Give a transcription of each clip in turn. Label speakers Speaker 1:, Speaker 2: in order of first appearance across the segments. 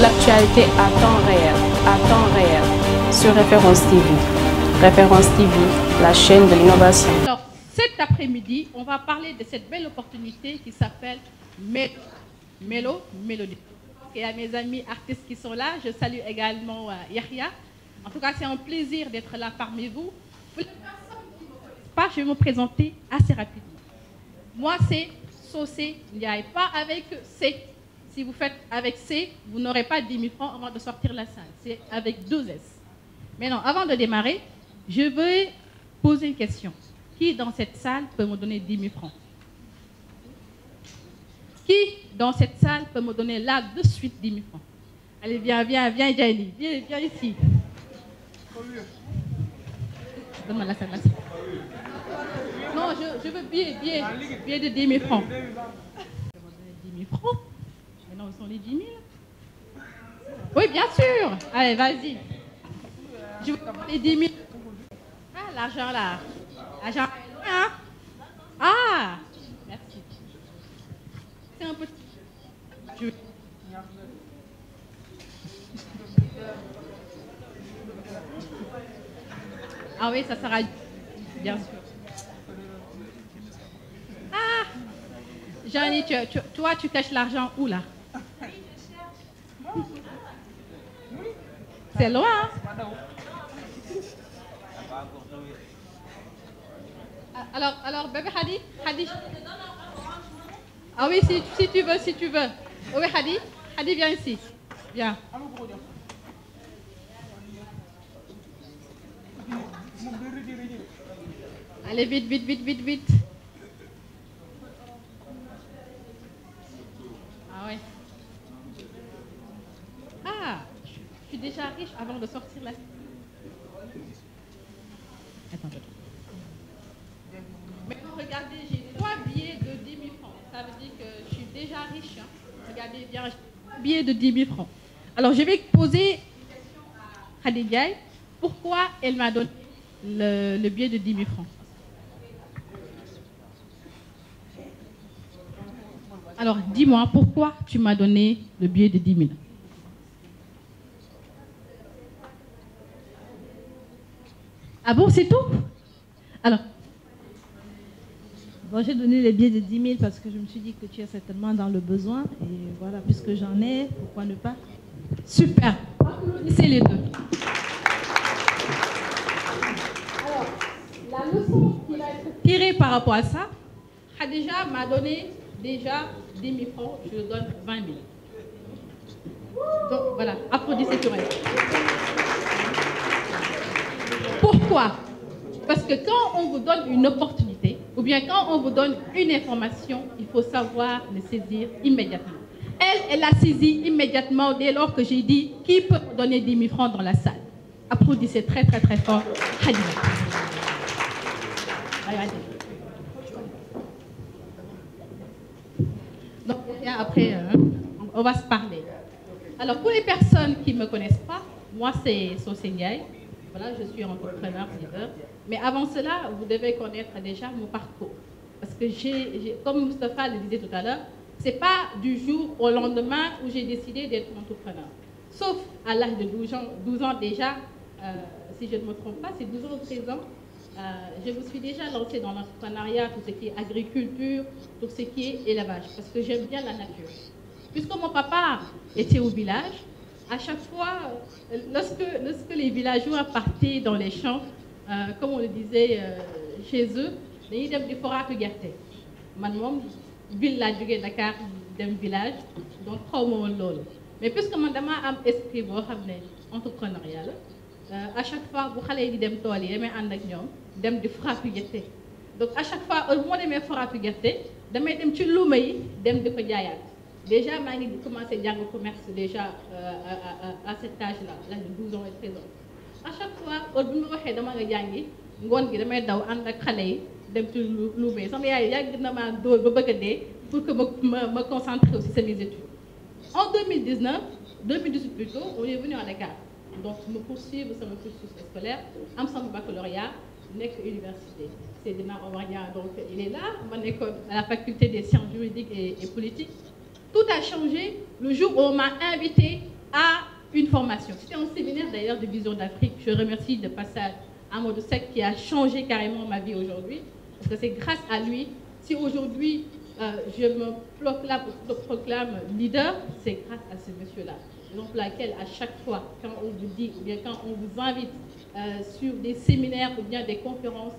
Speaker 1: l'actualité à temps réel, à temps réel, sur Référence TV. Référence TV, la chaîne de l'innovation. Alors, cet après-midi, on va parler de cette belle opportunité qui s'appelle Mélo, Mélo, Mélodie. Et à mes amis artistes qui sont là, je salue également euh, Yahya. En tout cas, c'est un plaisir d'être là parmi vous. Pour les personnes qui ne connaissent pas, je vais me présenter assez rapidement. Moi, c'est Saucé Ndiaye, pas avec C. Si vous faites avec C, vous n'aurez pas 10 000 francs avant de sortir la salle. C'est avec 12 S. Maintenant, avant de démarrer, je veux poser une question. Qui dans cette salle peut me donner 10 000 francs Qui dans cette salle peut me donner là de suite 10 000 francs Allez, viens, viens, viens, Viens, viens ici. Donne-moi la salle, Non, je, veux bien, bien, bien de 10 000 francs. 10 000 francs sont les 10 000 Oui, bien sûr. Allez, vas-y. Je vous les 10 000. Ah, l'argent là. L'argent hein. Ah Merci. C'est un petit. Ah oui, ça sera bien sûr. Ah Johnny, tu, toi, tu caches l'argent où là c'est loin. Hein. Alors, alors, bébé Hadi, Hadi.
Speaker 2: Ah oui, si, si
Speaker 1: tu veux, si tu veux. Oh oui, Hadi, Hadi, viens ici. Viens. Allez, vite, vite, vite, vite, vite. Ah oui. déjà riche avant de sortir la. attends.
Speaker 2: Maintenant, regardez,
Speaker 1: j'ai trois billets de 10 000 francs. Ça veut dire que je suis déjà riche. Hein. Regardez bien, trois billets de 10 000 francs. Alors, je vais poser une question à Khadigaï. Pourquoi elle m'a donné le, le billet de 10 000 francs Alors, dis-moi, pourquoi tu m'as donné le billet de 10 000 Ah bon, c'est tout Alors, j'ai donné les billets de 10 000 parce que je me suis dit que tu es certainement dans le besoin. Et voilà, puisque j'en ai, pourquoi ne pas Super. Applaudissez les deux. Alors, la leçon qui va être tirée par rapport à ça, Khadija m'a donné déjà 10 000 francs, je lui donne 20 000. Donc voilà, applaudissez tout pourquoi Parce que quand on vous donne une opportunité, ou bien quand on vous donne une information, il faut savoir le saisir immédiatement. Elle, elle a saisi immédiatement dès lors que j'ai dit qui peut donner 10 000 francs dans la salle. Applaudissez très très très fort. Donc après, euh, on va se parler. Alors pour les personnes qui ne me connaissent pas, moi c'est Sosengay voilà, je suis entrepreneur leader. Mais avant cela, vous devez connaître déjà mon parcours. Parce que, j'ai, comme Moustapha le disait tout à l'heure, ce n'est pas du jour au lendemain où j'ai décidé d'être entrepreneur. Sauf à l'âge de 12 ans, 12 ans déjà, euh, si je ne me trompe pas, c'est 12 ans ou 13 euh, je me suis déjà lancée dans l'entrepreneuriat, tout ce qui est agriculture, tout ce qui est élevage, parce que j'aime bien la nature. Puisque mon papa était au village, à chaque fois, euh, lorsque, lorsque, les villageois partaient dans les champs, euh, comme on le disait euh, chez eux, dañuy dem di foraatu gerte man mom ville la Dakar Dakar dem village donc trois mois long. mais puisque man dama am esprit bo à chaque fois bu xalé di dem tool yi damay ak ñom dem di foraatu gerte donc à chaque fois heure bu ma demee foraatu gerte damay dem ci luuma yi dem di ko jaayaat déjà maa à faire du commerce déjà euh, à cet âge là l'âge de 12 ans et 13 ans à chaque fois au bout de je je dama à jàngi ngoon gi damay daw ànd ak xale Mais dem ci Louvain sama yaay de na ba pour que ma me concentre aussi sur mes études en 2019 2018 plutôt on est venu à Dakar donc me poursuivre mon cursus scolaire am sama baccalauréat nekk université C'est Omar Niang donc il est là à la faculté des sciences juridiques et et politiques tout a changé le jour où on m'a invité à une formation. C'était un séminaire d'ailleurs de Vision d'Afrique. Je remercie de passage de Sek qui a changé carrément ma vie aujourd'hui. Parce que c'est grâce à lui, si aujourd'hui euh, je me proclame, proclame leader, c'est grâce à ce monsieur-là. Donc laquelle à chaque fois, quand on vous dit ou bien quand on vous invite euh, sur des séminaires ou bien des conférences,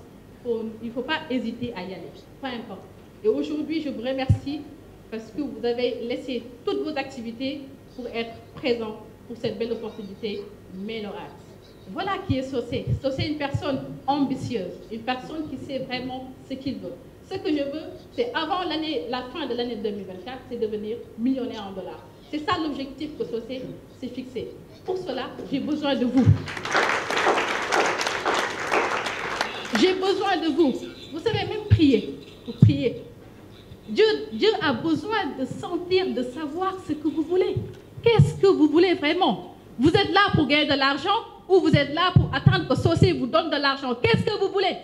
Speaker 1: il ne faut pas hésiter à y aller, peu importe. Et aujourd'hui, je vous remercie parce que vous avez laissé toutes vos activités pour être présent pour cette belle opportunité ménorale. Voilà qui est Socié. Socié, est une personne ambitieuse, une personne qui sait vraiment ce qu'il veut. Ce que je veux, c'est avant la fin de l'année 2024, c'est devenir millionnaire en dollars. C'est ça l'objectif que Socié s'est fixé. Pour cela, j'ai besoin de vous. J'ai besoin de vous. Vous savez même prier. Vous priez Dieu, a besoin de sentir, de savoir ce que vous voulez. Qu'est-ce que vous voulez vraiment Vous êtes là pour gagner de l'argent ou vous êtes là pour attendre que ceci vous donne de l'argent Qu'est-ce que vous voulez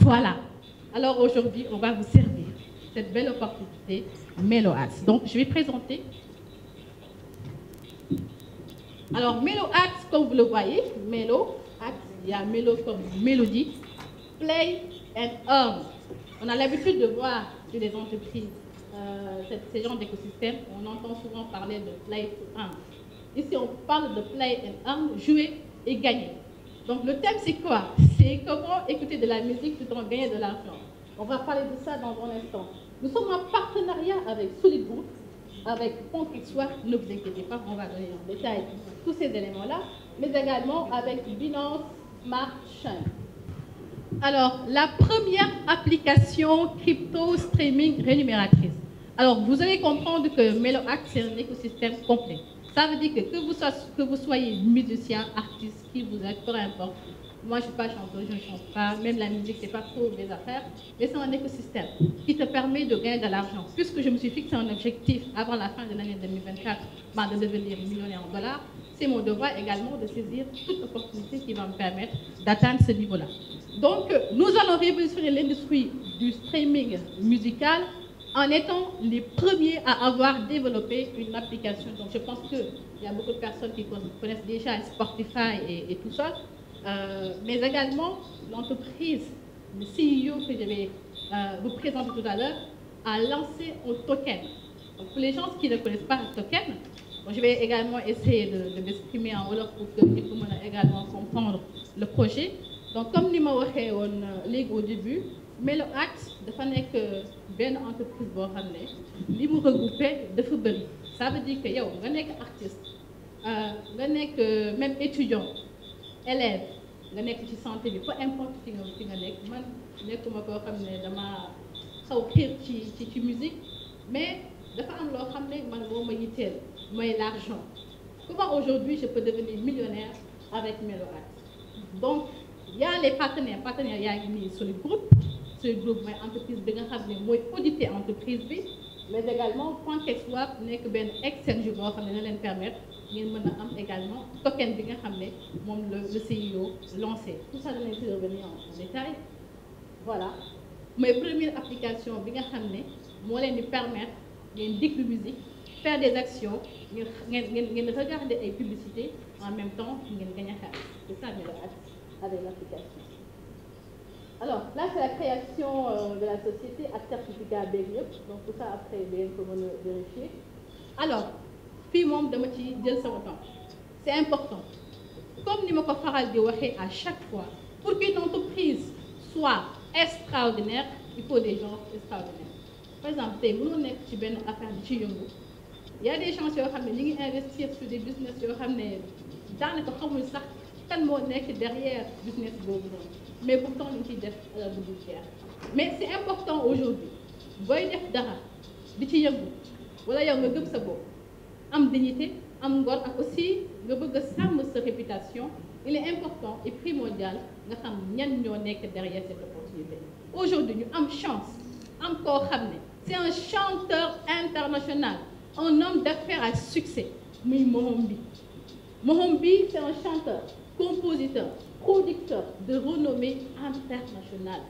Speaker 1: Voilà. Alors aujourd'hui, on va vous servir cette belle opportunité, Meloax. Donc, je vais présenter. Alors, Meloax, comme vous le voyez, Meloax, il y a Melo comme mélodie, play and earn. On a l'habitude de voir sur les entreprises euh, ces genres d'écosystèmes. On entend souvent parler de play to earn. Ici, on parle de play and earn, jouer et gagner. Donc le thème, c'est quoi C'est comment écouter de la musique tout en gagnant de l'argent. On va parler de ça dans un instant. Nous sommes en partenariat avec Solid Group, avec Soir, ne vous inquiétez pas, on va donner en détail tous ces éléments-là, mais également avec Binance Smart Chain. Alors, la première application crypto streaming rémunératrice. Alors, vous allez comprendre que MeloAct, c'est un écosystème complet. Ça veut dire que que vous, soyez, musicien, artiste, qui vous êtes, peu importe. Moi, je ne suis pas chanteuse, je ne chante pas. Même la musique, ce n'est pas trop mes affaires. Mais c'est un écosystème qui te permet de gagner de l'argent. Puisque je me suis fixé un objectif avant la fin de l'année 2024 de devenir millionnaire en dollars, c'est mon devoir également de saisir toute opportunité qui va me permettre d'atteindre ce niveau-là. Donc, nous allons révolutionner l'industrie du streaming musical en étant les premiers à avoir développé une application. Donc, je pense qu'il y a beaucoup de personnes qui connaissent déjà Spotify et, tout ça. Euh, mais également, l'entreprise, le CEO que je vais euh, vous présenter tout à l'heure, a lancé un token. Donc, pour les gens qui ne connaissent pas un token, je vais également essayer de, m'exprimer en Wolof pour que le monde également comprendre le projet donc comme je l'ai dit au début Meloax, de faire de euh, entreprise li regroupé ça veut dire que artiste euh, nga élèves, euh, même étudiant élève santé peu importe ce musique mais l'argent comment aujourd'hui je peux devenir millionnaire avec mes donc il y a les partenaires partenaires yaa ngi nii Solid Group Solid Group mooy entreprise bi nga xam ne auditer entreprise bi mais également Pantex Wap nekk benn exchange ex xam ne na leen permettre ngeen mën également token bi nga le le CIO lancé tout ça je vais revenir en détail voilà mes premières applications bi nga xam ne moo leen di permettre ngeen déglu musique faire des actions ngeen regarder des publicités en même temps ngeen gagner a xaalis c'est ça avec l'application. Alors, là, c'est la création euh, de la société à certificat Donc, tout ça, après, bien, comment vérifier. Alors, puis, moi, C'est important. Comme nous avons fait à chaque fois, pour qu'une entreprise soit extraordinaire, il faut des gens extraordinaires. Par exemple, nous avons une affaire de Chiyongo. Il y a des gens qui ont investir sur des business qui ont dans le kan moo nekk derrière business boobu mais pourtant ñu ciy def bu euh, dul mais c'est important aujourd'hui booy def dara di ci yëngu wala yow nga gëm sa bopp am dignité am ngor ak aussi nga bëgg a sàmm sa réputation il est important et primordial nga xam ñan ñoo nekk derrière cette opportunité aujourd'hui ñu am chance am koo xam c'est un chanteur international un homme d'affaires à succès muy Mohombi Mohombi c'est un chanteur compositeur producteur de renommée internationale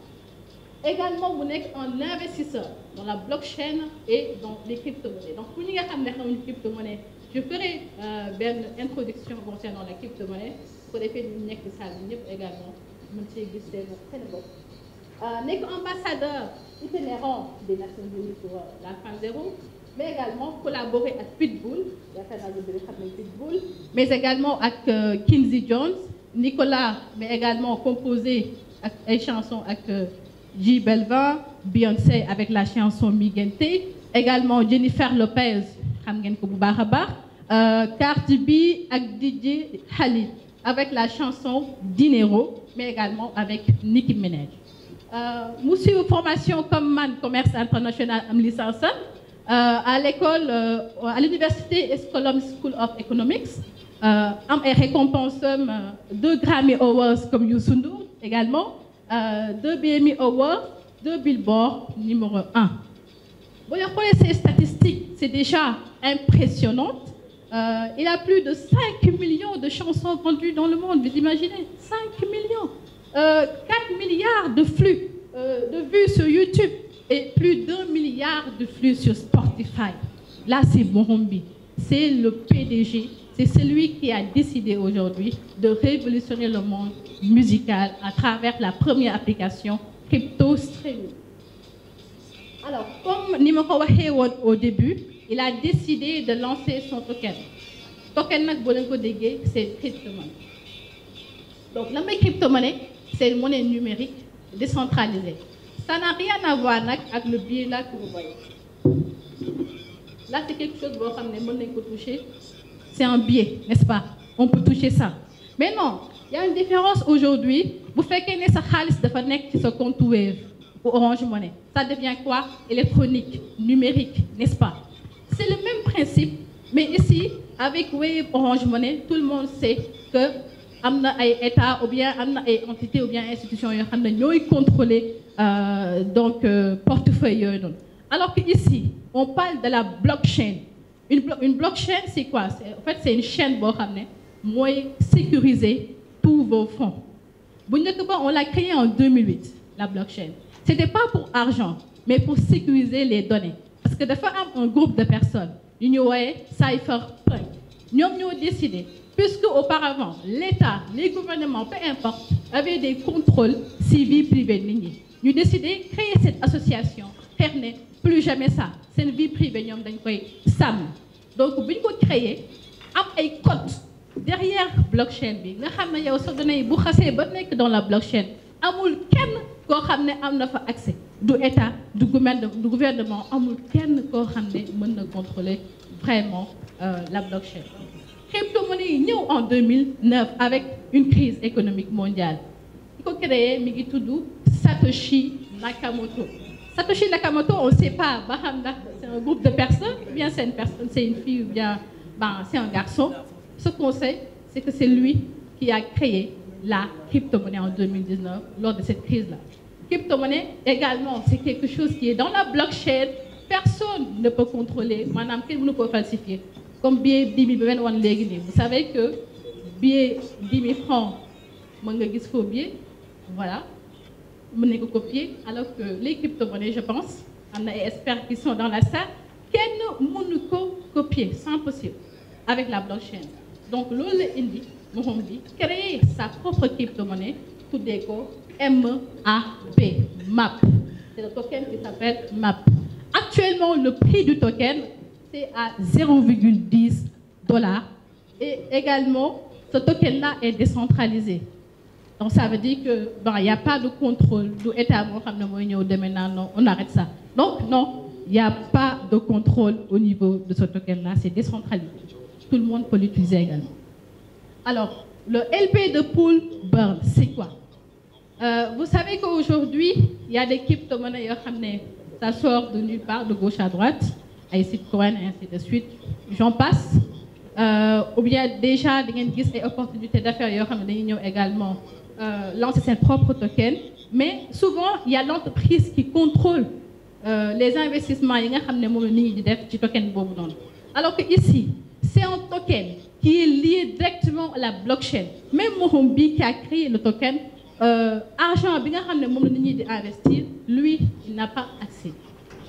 Speaker 1: également vous êtes un investisseur dans la blockchain et dans les crypto-monnaies. donc pour nous nga xam crypto crypto je ferai une euh, introduction concernant la crypto Vous defee ñu nekk ci salle bi également mën ci gis pas, seen euh, ambassadeur itinérant des Nations Unies pour euh, la fin zéro mais également collaboré avec Pitbull, mais également avec euh, Kinsey Jones, Nicolas, mais également composé une chansons avec G. Euh, Belvin, Beyoncé avec la chanson Migente, également Jennifer Lopez, euh, Cardi B avec DJ Khalid avec la chanson Dinero, mais également avec Nicki Minaj. Euh, en formation comme man commerce international en licence. Euh, à l'école, euh, à l'université Escolum School of Economics. Euh, am ay récompense deux Grammy Awards comme Youssou Ndour également deux BMI Awards deux Billboard numéro 1. Vous voyez, ces statistiques c'est déjà impressionnant il a plus de 5 millions de chansons vendues dans le monde vous imaginez 5 millions 4 milliards de flux de vues sur YouTube et plus d'un milliard de flux sur Spotify. Là, c'est Morombi. C'est le PDG. C'est celui qui a décidé aujourd'hui de révolutionner le monde musical à travers la première application crypto streaming. Alors, comme Nimoko Hayward au début, il a décidé de lancer son token. Token c'est crypto-monnaie. Donc, la crypto-monnaie, c'est une monnaie numérique décentralisée. Ça n'a rien à voir avec le biais là que vous voyez là c'est quelque chose que vous savez, c'est un biais, n'est-ce pas on peut toucher ça mais non il y a une différence aujourd'hui Vous faites y sa xaalis dafa nekk compte Wave ou Orange Money ça devient quoi électronique numérique n'est-ce pas c'est le même principe mais ici avec Wave Orange Money tout le monde sait que et ay état ou bien entités, entité ou bien institution euh, donc euh, portefeuille alors que ici on parle de la blockchain une blockchain c'est quoi en fait c'est une chaîne bo xamné moy sécuriser tous vos fonds on l'a créé en 2008 la blockchain c'était pas pour argent mais pour sécuriser les données parce que des fois un groupe de personnes ils ñu cypherpunk décidé puisque auparavant, l'État, les gouvernements, peu importe, avaient des contrôles civils privés Nous avons décidé de créer cette association, Ternet, plus jamais ça. C'est une vie privée, nous avons SAM. Donc, nous avons créé un code derrière blockchain. Nous avons donné dans la blockchain. Nous avons ne fa accès du état du gouvernement du gouvernement amul kenn ko ne contrôler vraiment euh, la blockchain monnaie est en 2009 avec une crise économique mondiale Il a créé Satoshi Nakamoto Satoshi Nakamoto on sait pas c'est un groupe de personnes Ou bien c'est une personne c'est une fille ou bien ben, c'est un garçon ce qu'on sait c'est que c'est lui qui a créé la crypto-monnaie en 2019 lors de cette crise-là crypto-monnaie également c'est quelque chose qui est dans la blockchain personne ne peut contrôler madame, kenn ne peut falsifier comme billet dix mille bi vous savez que billet 10 000 francs mën nga gis faux billet voilà mën nañ ko copier alors que les crypto-monnaies je pense on espère ay experts sont dans la salle kenn mënu ko copier c'est impossible avec la blockchain donc l'Ole la indi moom dit, créer sa propre crypto-monnaie M-A-P, MAP c'est le token qui s'appelle MAP actuellement le prix du token à 0,10 dollars. Et également, ce token-là est décentralisé. Donc ça veut dire que il n'y a pas de contrôle du état on arrête ça. Donc non, il n'y a pas de contrôle au niveau de ce token-là, c'est décentralisé. Tout le monde peut l'utiliser également. Alors, le LP de pool burn, c'est quoi euh, Vous savez qu'aujourd'hui, il y a l'équipe de crypto-monnaies, ça sort de nulle part, de gauche à droite. Aïssit Cohen, ainsi de suite. J'en passe. Euh, ou bien déjà, il y a opportunités d'affaires a également euh, lancer ses propres tokens. Mais souvent, il y a l'entreprise qui contrôle euh, les investissements Alors que ici, c'est un token qui est lié directement à la blockchain. Même Mohombi qui a créé le token, euh, argent, investir, lui, il n'a pas accès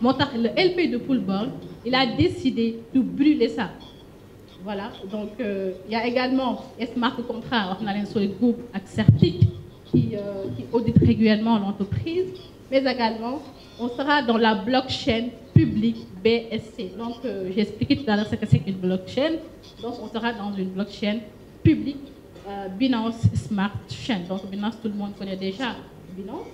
Speaker 1: le LP de Poulborg il a décidé de brûler ça voilà donc euh, il y a également Smart Contrat On a groupe sous qui audite régulièrement l'entreprise mais également on sera dans la blockchain publique BSC donc euh, j'ai expliqué tout à l'heure ce qu'est c'est qu'une blockchain donc on sera dans une blockchain publique euh, Binance Smart Chain donc Binance tout le monde connaît déjà Binance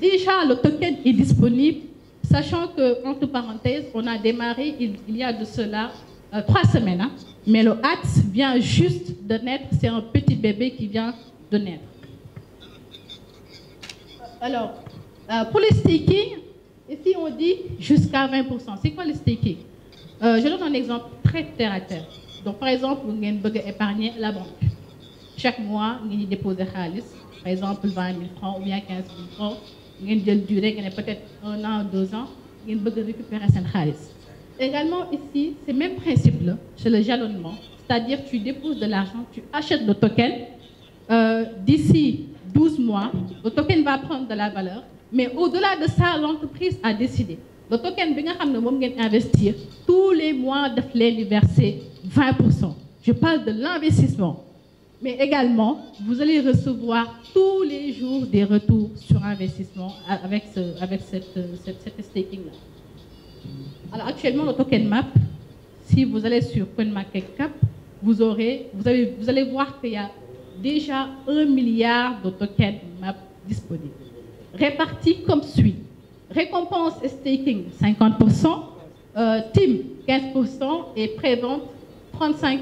Speaker 1: déjà le token est disponible Sachant que, entre parenthèses, on a démarré il, y a de cela euh, trois semaines, hein. mais le HAT vient juste de naître, c'est un petit bébé qui vient de naître. Alors, euh, pour les staking, ici on dit jusqu'à 20%. C'est quoi le staking euh, Je donne un exemple très terre à terre. Donc, par exemple, vous voulez épargner la banque. Chaque mois, vous déposez réalistes, par exemple 20 000 francs ou bien 15 000 francs une durée peut-être un an deux ans il y a récupérer son xaalis également ici c'est le même principe c'est le jalonnement c'est-à-dire tu déposes de l'argent tu achètes le token euh, d'ici 12 mois le token va prendre de la valeur mais au-delà de ça l'entreprise a décidé le token bi investir tous les mois daf leen verser 20 je parle de l'investissement mais également, vous allez recevoir tous les jours des retours sur investissement avec, ce, avec euh, cette, staking-là. Alors actuellement, le token map, si vous allez sur CoinMarketCap, vous, aurez, vous, avez, vous allez voir qu'il y a déjà un milliard de token map disponibles. Répartis comme suit. Récompense et staking, 50%. Euh, team, 15%. Et pré-vente, 35%.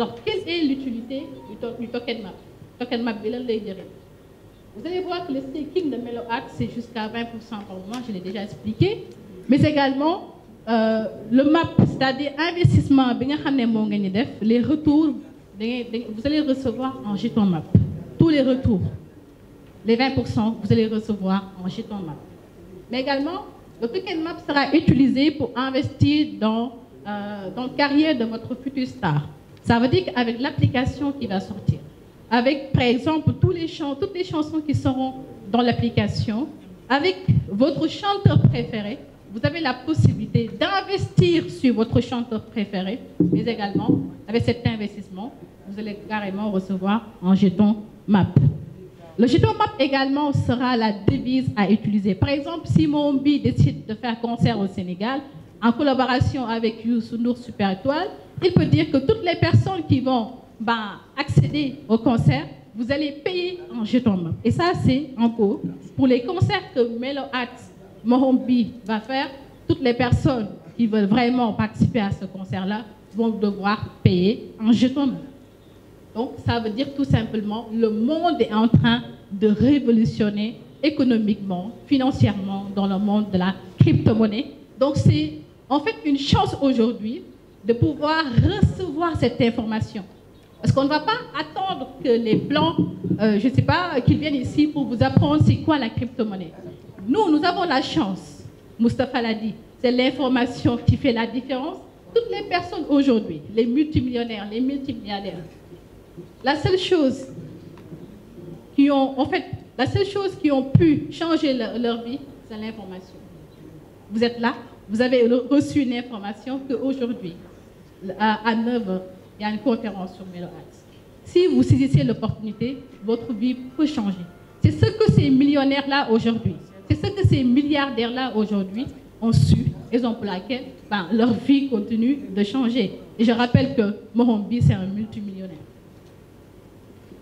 Speaker 1: Alors, quelle est l'utilité du, token map token map Vous allez voir que le staking de MeloAx c'est jusqu'à 20% par moi, je l'ai déjà expliqué. Mais également, euh, le map, c'est-à-dire investissement, les retours, vous allez recevoir en jeton map. Tous les retours, les 20%, vous allez recevoir en jeton map. Mais également, le token map sera utilisé pour investir dans, euh, dans la carrière de votre futur star. Ça veut dire qu'avec l'application qui va sortir, avec par exemple tous les toutes les chansons qui seront dans l'application, avec votre chanteur préféré, vous avez la possibilité d'investir sur votre chanteur préféré, mais également, avec cet investissement, vous allez carrément recevoir un jeton MAP. Le jeton MAP également sera la devise à utiliser. Par exemple, si Mombi décide de faire concert au Sénégal, en collaboration avec Youssou Nour Super Étoile, il peut dire que toutes les personnes qui vont ben, accéder au concert, vous allez payer en jeton. Et ça, c'est en cours. Pour les concerts que Melo hat Morombi va faire, toutes les personnes qui veulent vraiment participer à ce concert-là vont devoir payer en jeton. Donc, ça veut dire tout simplement, le monde est en train de révolutionner économiquement, financièrement, dans le monde de la crypto-monnaie. Donc, c'est en fait une chance aujourd'hui de pouvoir recevoir cette information. Parce qu'on ne va pas attendre que les blancs, euh, je ne sais pas, qu'ils viennent ici pour vous apprendre c'est quoi la crypto-monnaie. Nous, nous avons la chance, Mustapha l'a dit, c'est l'information qui fait la différence. Toutes les personnes aujourd'hui, les multimillionnaires, les multimillionnaires, la seule chose qui ont, en fait, la seule chose qui ont pu changer leur, leur vie, c'est l'information. Vous êtes là, vous avez reçu une information qu'aujourd'hui, à, 9 il y a une conférence sur Meloax. Si vous saisissez l'opportunité, votre vie peut changer. C'est ce que ces millionnaires-là aujourd'hui, c'est ce que ces milliardaires-là aujourd'hui ont su, ils ont plaqué, laquelle ben, leur vie continue de changer. Et je rappelle que Morombi, c'est un multimillionnaire.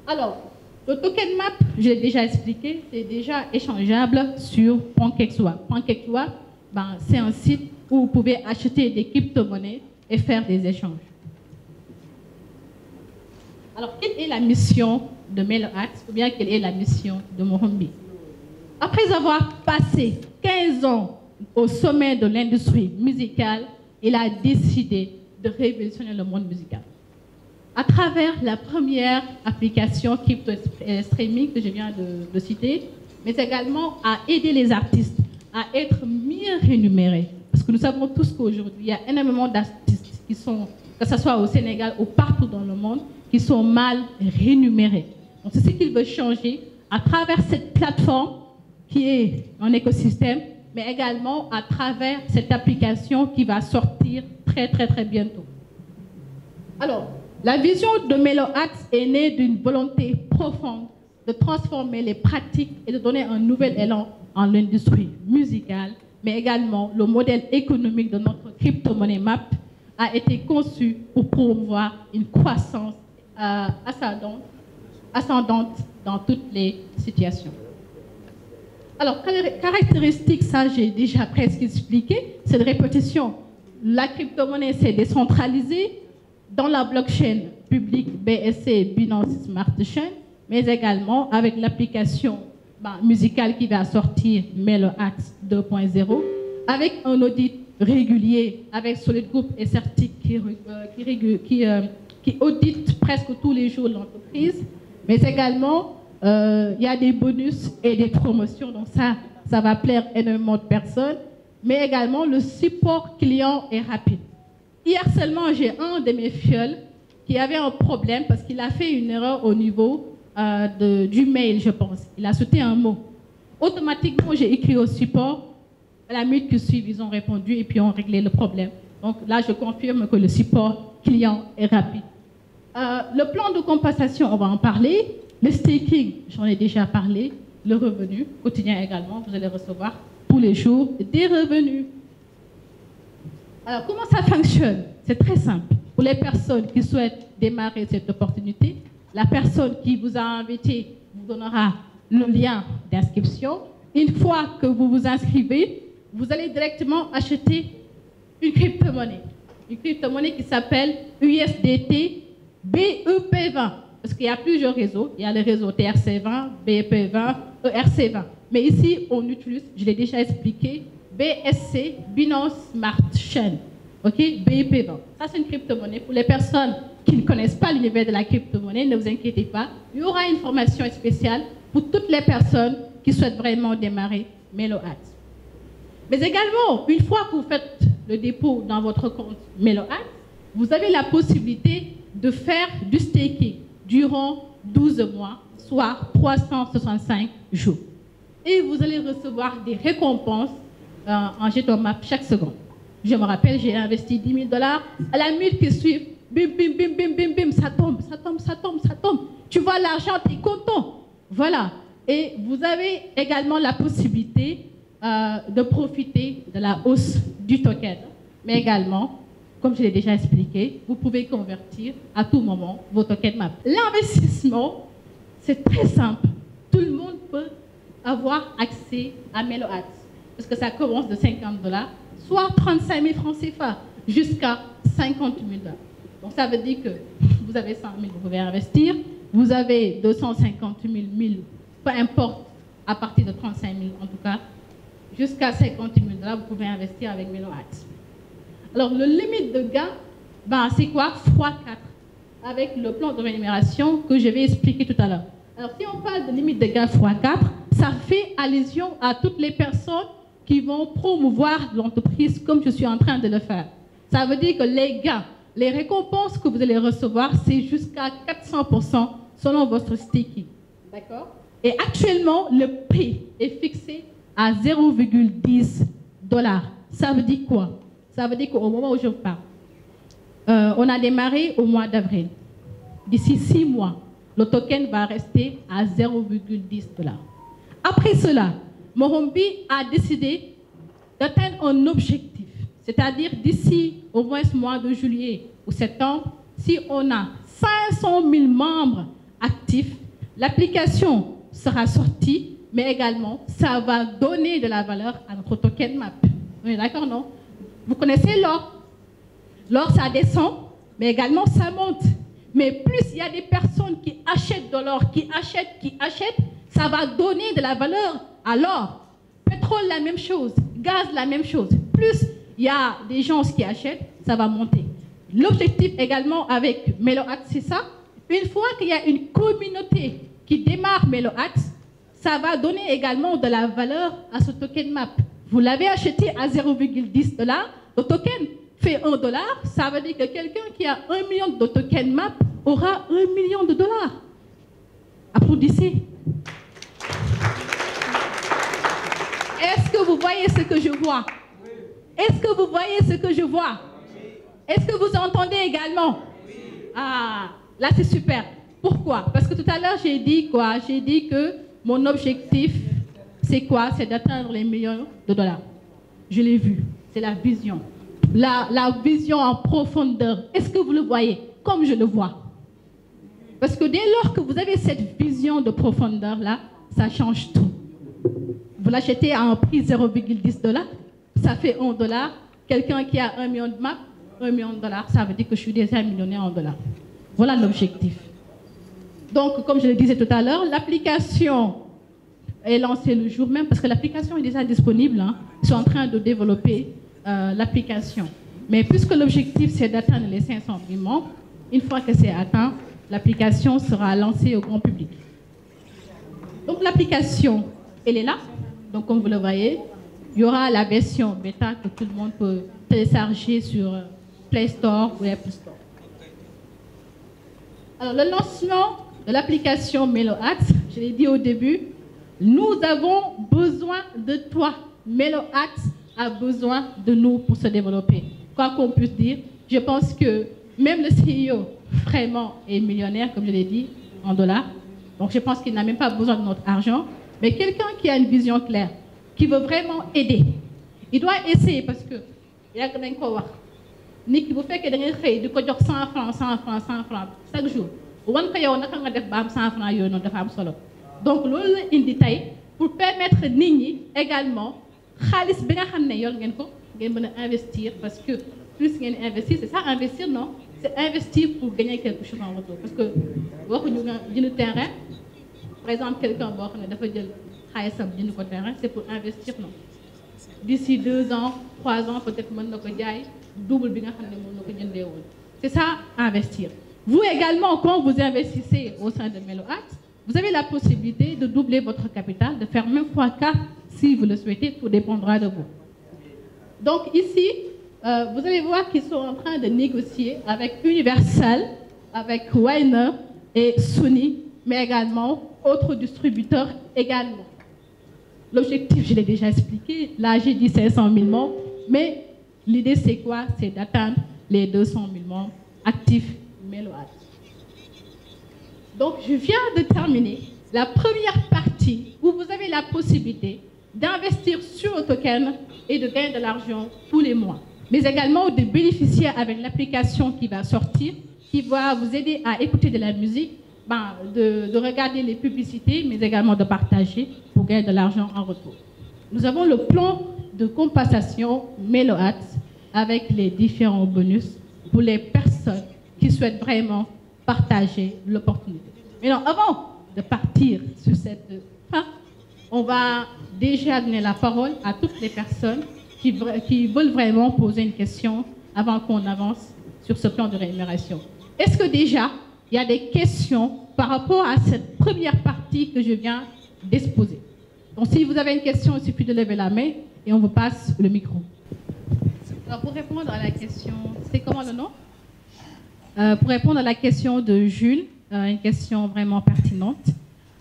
Speaker 1: Alors, le token map, je l'ai déjà expliqué, c'est déjà échangeable sur PancakeSwap. PancakeSwap, ben, c'est un site où vous pouvez acheter des crypto-monnaies et faire des échanges. Alors, quelle est la mission de Meloax ou bien quelle est la mission de Mohambi Après avoir passé 15 ans au sommet de l'industrie musicale, il a décidé de révolutionner le monde musical. À travers la première application crypto streaming que je viens de, de citer, mais également à aider les artistes à être mieux rémunérés. Parce que nous savons tous qu'aujourd'hui, il y a énormément qui sont, que ce soit au Sénégal ou partout dans le monde, qui sont mal rémunérés. Donc c'est ce qu'il veut changer à travers cette plateforme qui est un écosystème, mais également à travers cette application qui va sortir très très très bientôt. Alors, la vision de MeloAx est née d'une volonté profonde de transformer les pratiques et de donner un nouvel élan en l'industrie musicale, mais également le modèle économique de notre crypto-monnaie MAP a été conçu pour promouvoir une croissance euh, ascendante, dans toutes les situations. Alors, caractéristique, ça j'ai déjà presque expliqué, c'est de répétition. La crypto-monnaie s'est décentralisée dans la blockchain publique BSC Binance Smart Chain, mais également avec l'application bah, musicale qui va sortir Melo 2.0, avec un audit régulier avec Solid Group et Certic qui, euh, qui, euh, auditent presque tous les jours l'entreprise. Mais également, euh, il y a des bonus et des promotions. Donc ça, ça va plaire énormément de personnes. Mais également, le support client est rapide. Hier seulement, j'ai un de mes fioles qui avait un problème parce qu'il a fait une erreur au niveau du mail, je pense. Il a sauté un mot. Automatiquement, j'ai écrit au support la minute qui suit, ils ont répondu et puis ont réglé le problème. Donc là, je confirme que le support client est rapide. Euh, le plan de compensation, on va en parler. Le staking, j'en ai déjà parlé. Le revenu quotidien également, vous allez recevoir tous les jours des revenus. Alors, euh, comment ça fonctionne C'est très simple. Pour les personnes qui souhaitent démarrer cette opportunité, la personne qui vous a invité vous donnera le lien d'inscription. Une fois que vous vous inscrivez, vous allez directement acheter une crypto-monnaie. Une crypto-monnaie qui s'appelle USDT BEP20. Parce qu'il y a plusieurs réseaux. Il y a les réseau TRC20, BEP20, ERC20. Mais ici, on utilise, je l'ai déjà expliqué, BSC, Binance Smart Chain. OK BEP20. Ça, c'est une crypto-monnaie pour les personnes qui ne connaissent pas l'univers de la crypto-monnaie. Ne vous inquiétez pas. Il y aura une formation spéciale pour toutes les personnes qui souhaitent vraiment démarrer MeloAds. Mais également, une fois que vous faites le dépôt dans votre compte MailerAct, vous avez la possibilité de faire du staking durant 12 mois, soit 365 jours. Et vous allez recevoir des récompenses euh, en en map chaque seconde. Je me rappelle, j'ai investi 10 000 dollars. À la minute qui suit, bim, bim, bim, bim, bim, bim, ça tombe, ça tombe, ça tombe, ça tombe. Tu vois l'argent, tu es content. Voilà. Et vous avez également la possibilité euh, de profiter de la hausse du token, mais également, comme je l'ai déjà expliqué, vous pouvez convertir à tout moment vos tokens MAP. L'investissement, c'est très simple. Tout le monde peut avoir accès à MeloAds, parce que ça commence de 50 dollars, soit 35 000 francs CFA, jusqu'à 50 000 dollars. Donc ça veut dire que vous avez 100 000, vous pouvez investir, vous avez 250 000, 1000, peu importe, à partir de 35 000 en tout cas, jusqu'à 50 000 vous pouvez investir avec MeloAx. Alors, le limite de gain, ben, c'est quoi 3 4 avec le plan de rémunération que je vais expliquer tout à l'heure. Alors, si on parle de limite de gain 3 4, ça fait allusion à toutes les personnes qui vont promouvoir l'entreprise comme je suis en train de le faire. Ça veut dire que les gains, les récompenses que vous allez recevoir, c'est jusqu'à 400% selon votre sticky. D'accord Et actuellement, le prix est fixé à 0,10 dollars. Ça veut dire quoi Ça veut dire qu'au moment où je parle, euh, on a démarré au mois d'avril. D'ici six mois, le token va rester à 0,10 dollars. Après cela, Morombi a décidé d'atteindre un objectif, c'est-à-dire d'ici au moins ce mois de juillet ou septembre, si on a 500 000 membres actifs, l'application sera sortie mais également, ça va donner de la valeur à notre token map. d'accord, non Vous connaissez l'or. L'or, ça descend, mais également, ça monte. Mais plus il y a des personnes qui achètent de l'or, qui achètent, qui achètent, ça va donner de la valeur à l'or. Pétrole, la même chose. Gaz, la même chose. Plus il y a des gens qui achètent, ça va monter. L'objectif également avec MeloAx, c'est ça. Une fois qu'il y a une communauté qui démarre MeloAx, ça va donner également de la valeur à ce token map. Vous l'avez acheté à 0,10 dollars, le token fait 1 dollar, ça veut dire que quelqu'un qui a 1 million de token map aura 1 million de dollars. Applaudissez. Est-ce que vous voyez ce que je vois Est-ce que vous voyez ce que je vois Est-ce que vous entendez également Ah, là c'est super. Pourquoi Parce que tout à l'heure j'ai dit quoi J'ai dit que mon objectif, c'est quoi C'est d'atteindre les millions de dollars. Je l'ai vu. C'est la vision. La, vision en profondeur. Est-ce que vous le voyez comme je le vois Parce que dès lors que vous avez cette vision de profondeur-là, ça change tout. Vous l'achetez à un prix 0,10 dollars, ça fait 1 dollar. Quelqu'un qui a 1 million de maps, 1 million de dollars, ça veut dire que je suis déjà millionnaire en dollars. Voilà l'objectif. Donc, comme je le disais tout à l'heure, l'application est lancée le jour même parce que l'application est déjà disponible. Hein. Ils sont en train de développer euh, l'application. Mais puisque l'objectif, c'est d'atteindre les 500 000 membres, une fois que c'est atteint, l'application sera lancée au grand public. Donc, l'application, elle est là. Donc, comme vous le voyez, il y aura la version bêta que tout le monde peut télécharger sur euh, Play Store ou Apple Store. Alors, le lancement de l'application MeloHax, je l'ai dit au début, nous avons besoin de toi. Meloax a besoin de nous pour se développer. Quoi qu'on puisse dire, je pense que même le CEO vraiment est millionnaire, comme je l'ai dit, en dollars. Donc je pense qu'il n'a même pas besoin de notre argent. Mais quelqu'un qui a une vision claire, qui veut vraiment aider, il doit essayer parce que il y a quelqu'un qui vous des que de faites 100 francs, 100 francs, 100 francs chaque jour wan ko yow naka nga def ba am 100 francs yooyu noonu dafa am solo donc loolu la indi tey pour permettre nit ñi également xaalis bi nga xam ne yor ngeen ko ngeen mën a investir parce que plus ngeen investir c'est ça investir non c'est investir pour gagner quelque chose en retour parce que waxuñu nga jënd terrain par exemple quelqu'un boo xam ne dafa jël xaalisam jënd ko terrain c'est pour investir non d'ici deux ans trois ans peut-être mën na ko jaay double bi nga xam ne mën na ko jëndee woon c'est ça investir vous également, quand vous investissez au sein de Meloat, vous avez la possibilité de doubler votre capital, de faire même fois 4 si vous le souhaitez, tout dépendra de vous. Donc ici, euh, vous allez voir qu'ils sont en train de négocier avec Universal, avec Weiner et Sony, mais également autres distributeurs également. L'objectif, je l'ai déjà expliqué, là j'ai dit 500 000 membres, mais l'idée c'est quoi C'est d'atteindre les 200 000 membres actifs donc, je viens de terminer la première partie où vous avez la possibilité d'investir sur le token et de gagner de l'argent tous les mois, mais également de bénéficier avec l'application qui va sortir, qui va vous aider à écouter de la musique, ben, de, regarder les publicités, mais également de partager pour gagner de l'argent en retour. Nous avons le plan de compensation MeloHat avec les différents bonus pour les personnes qui souhaitent vraiment partager l'opportunité. non, avant de partir sur cette fin, on va déjà donner la parole à toutes les personnes qui, veulent vraiment poser une question avant qu'on avance sur ce plan de rémunération. Est-ce que déjà, il y a des questions par rapport à cette première partie que je viens d'exposer Donc, si vous avez une question, il suffit de lever la main et on vous passe le micro. pour répondre à la question, c'est comment le nom euh, pour répondre à la question de Jules, euh, une question vraiment pertinente.